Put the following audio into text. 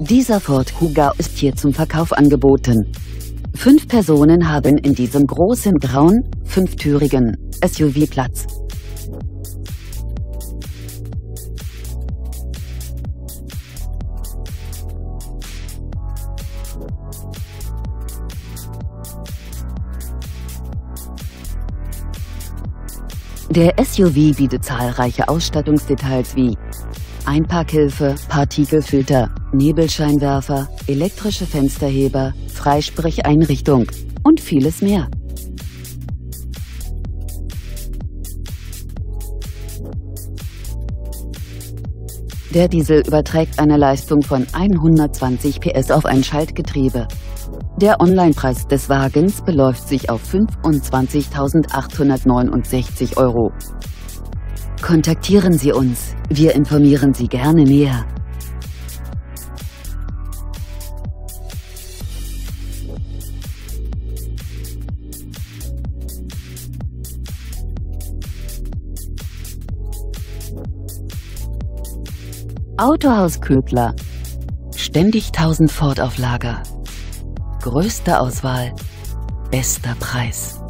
Dieser Ford Kuga ist hier zum Verkauf angeboten. Fünf Personen haben in diesem großen grauen, fünftürigen SUV Platz. Der SUV bietet zahlreiche Ausstattungsdetails wie Einparkhilfe, Partikelfilter, Nebelscheinwerfer, elektrische Fensterheber, Freisprecheinrichtung und vieles mehr. Der Diesel überträgt eine Leistung von 120 PS auf ein Schaltgetriebe. Der Onlinepreis des Wagens beläuft sich auf 25.869 Euro. Kontaktieren Sie uns, wir informieren Sie gerne näher. Autohaus Ködler. Ständig 1000 Ford auf Lager. Größte Auswahl, bester Preis.